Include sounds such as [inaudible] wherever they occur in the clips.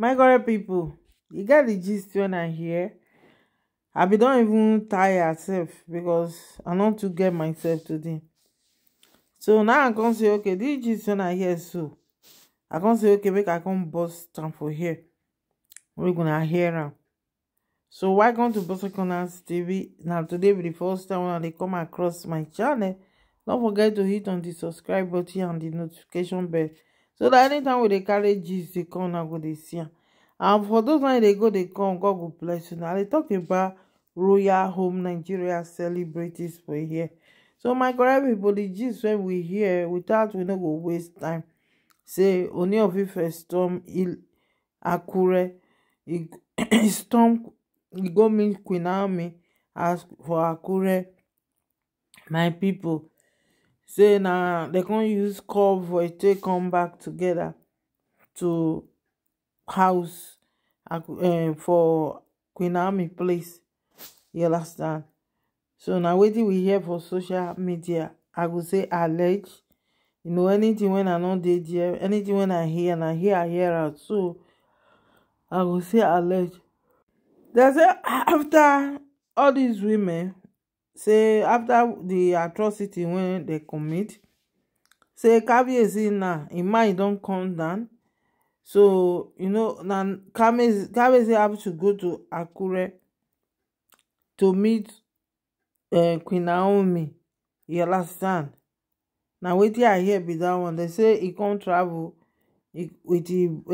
my correct people, you get the gist when i hear i be don't even tire myself because i no too get myself today so now i come say okay this gist when i hear so i come say okay make i come burst time for here we gonna hear now. so welcome to boss corners tv now today be the first time when they come across my channel don't forget to hit on the subscribe button and the notification bell so dat anytime we dey carry gist dey come and go dey see am and for those one they go dey come god go bless you now dey talk about royal home nigeria celebrities for here so my God, pipo di gist wey we hear without we no go waste time say only of ife storm akure e, [coughs] e storm e go meet queen naomi as for akure my people say na they con use call convoy take come back together to house uh, for queen army place you understand so na wetin we hear for social media i go say allege you know anything when i know dey there anytin wey i hear and I hear i hear out so i will say allege dem it after all these women say after the atrocity when they commit say kabiyesi na im mind don't come down so you know na kabiyesi have to go to akure to meet eh, queen naomi you understand wait here, i hear be dat one They say he can't travel with im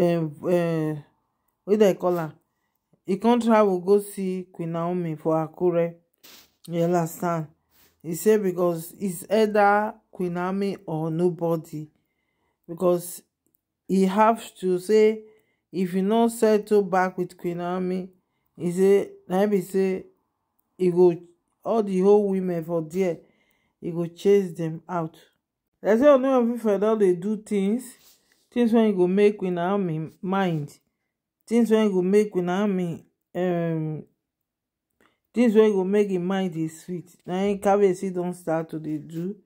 wey dem call her? He can't travel go see queen naomi for akure You understand? He said because it's either Queen Naomi or nobody. Because he have to say if you not settle back with Queen Naomi, he say let me say he go all the whole women for there, he go chase them out. They say only of Ife don do things, things when wey e go make Queen Naomi mind, things when wey e go make Queen Naomi um This way go make him mind dey sweet. Na him Kabiyesi don start to dey do.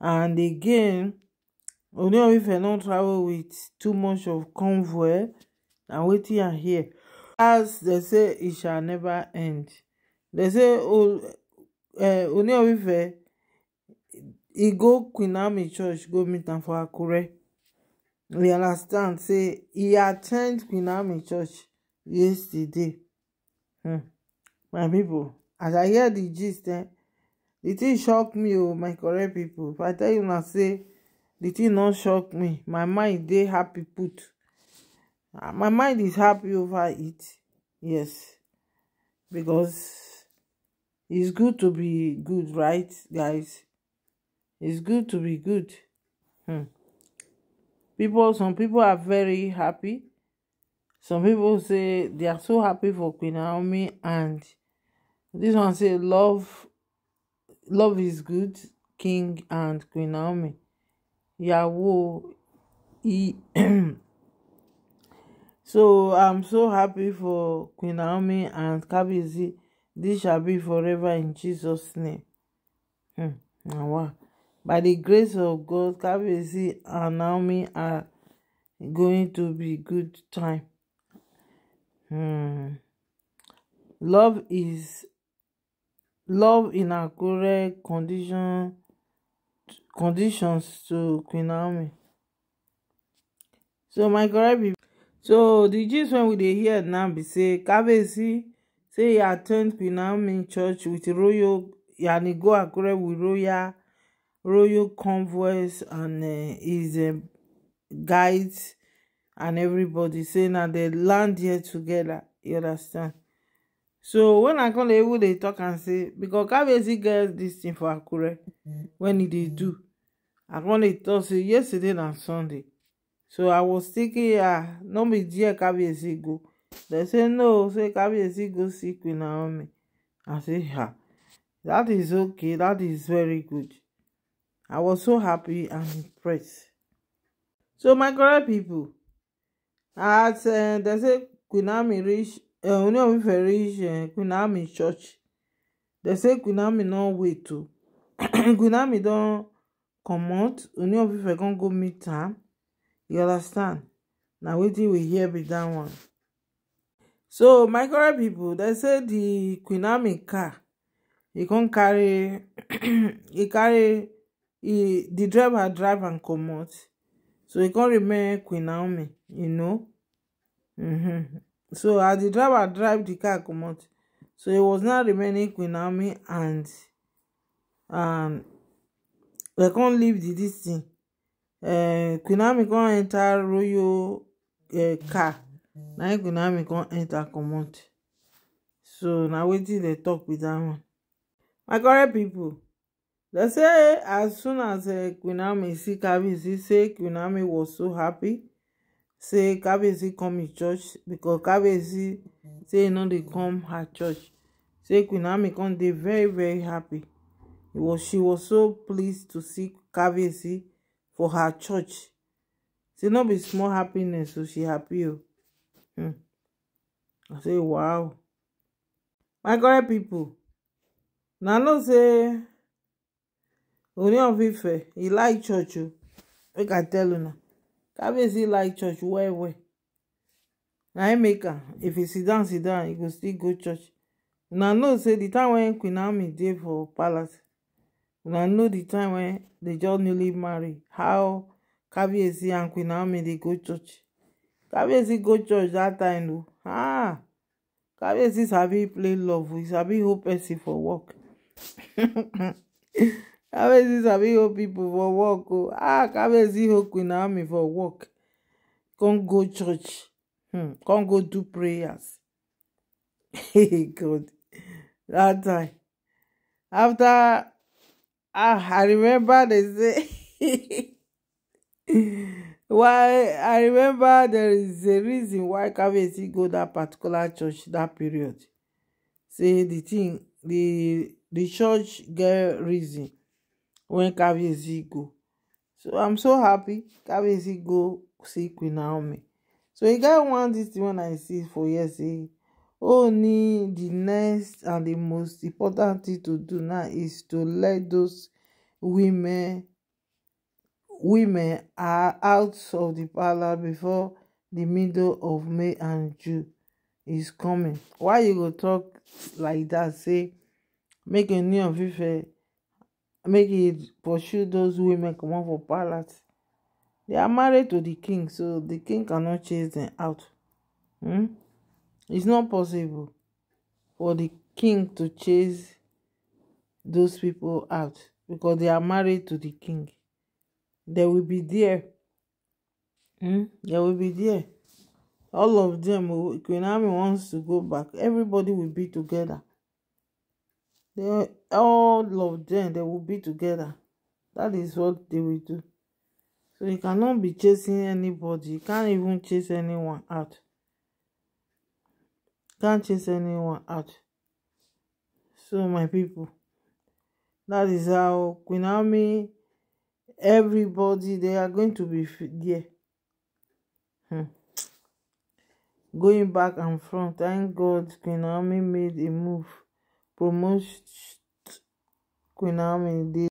And again, Ooni of Ife don travel with too much of convoy. Na wetin I hear. As they say, it e shall never end. They say, oh, uh, Ooni of Ife, eh, e go Queen church go meet am for Akure. we understand? Say, e at ten d Queen church yesterday. Hmm. my people, as i hear the gist eh di tin shock me oh my correct people. if i tell you na say di tin no shock me my mind dey happy put ah, my mind is happy over it yes because its good to be good right guys its good to be good hmm people some people are very happy some people say they are so happy for queen naomi and This one say love love is good King and Queen Naomi. Yahoo [clears throat] he so I'm so happy for Queen Naomi and Kabizi. This shall be forever in Jesus' name. Hmm. Wow. By the grace of God, Kabizi and Naomi are going to be good time. Hmm. Love is love in a correct condition, conditions to Queen Naomi. So my correct people, so the gist when we dey hear now be say Kabesi say he attend Queen Naomi church with royal yani go Akure with royal royal convoys and uh, his uh, guides and everybody say na they land here together you understand so when i come dey even talk and say because kabezi get dis thing for akure when e they do i come dey talk say yesterday and sunday so i was thinking ah no be there kabezi go They say no say kabezi go see queen naomi i say yeah, that is okay that is very good i was so happy and impressed so my correct pipo as eh, they say queen naomi reach Queen Naomi Queen Naomi church dem say Queen Naomi no wait o Queen [clears throat] Naomi don comot Ooni of Ife come go meet am you understand na wetin we hear be dat one so my current pipo dem say di Queen Naomi car e come carry [clears throat] e carry e di driver drive am comot so e come remain Queen Naomi you know mm-hmm. so as the driver drive the car comot so e was now remaining queen naomi and and they con leave the this thing. Uh, queen naomi con enter royal eh, car na im queen naomi con enta comot so na wetin dem talk with that one my correct pipo dem say as soon as eh, queen naomi see carvies e say queen naomi was so happy say kabezi come his church because kabezi say e no dey come her church say queen naomi come dey very very happy was she was so pleased to see kabezi for her church say no be small happiness so she happy o hmm i say wow my God, people. na know say Ooni of Ife e like church o make i tell una Kabezi like church well well. Na him make her If he sit down, sit down, he go still go church. Una know say the time when Queen Naomi dey for palace, una know the time when they just newly married. how Kabiyesi and Queen Naomi dey go church. Kabiyesi go church that time o. Ah! Kabiyesi happy play love, he happy hope person for work. [laughs] kabezi sabi hold pipo for work o ah kabezi hold queen naomi for work come go church hmm come go do prayers hey [laughs] god that time after ah i remember they say [laughs] why i remember there is a reason why kabezi go that particular church that period say the thing the the church get reason when Kabiyesi go so i'm so happy Kabiyesi go see Queen Naomi so e get one this thing wey i see for years. say only oh, the next and the most important thing to do now is to let those women women are out of the palace before the middle of May and June is coming why you go talk like that say make Ooni of Ife make e pursue those women comot for palace they are married to the king so the king cannot chase them out hmm? it's not possible for the king to chase those people out because they are married to the king they will be there hmm? they will be there all of them oh, Queen Naomi wants to go back everybody will be together They, all of them, they will be together. That is what they will do. So you cannot be chasing anybody. You can't even chase anyone out. Can't chase anyone out. So my people, that is how Queen everybody, they are going to be there. Hmm. Going back and front, thank God Queen made a move. promotes Konami.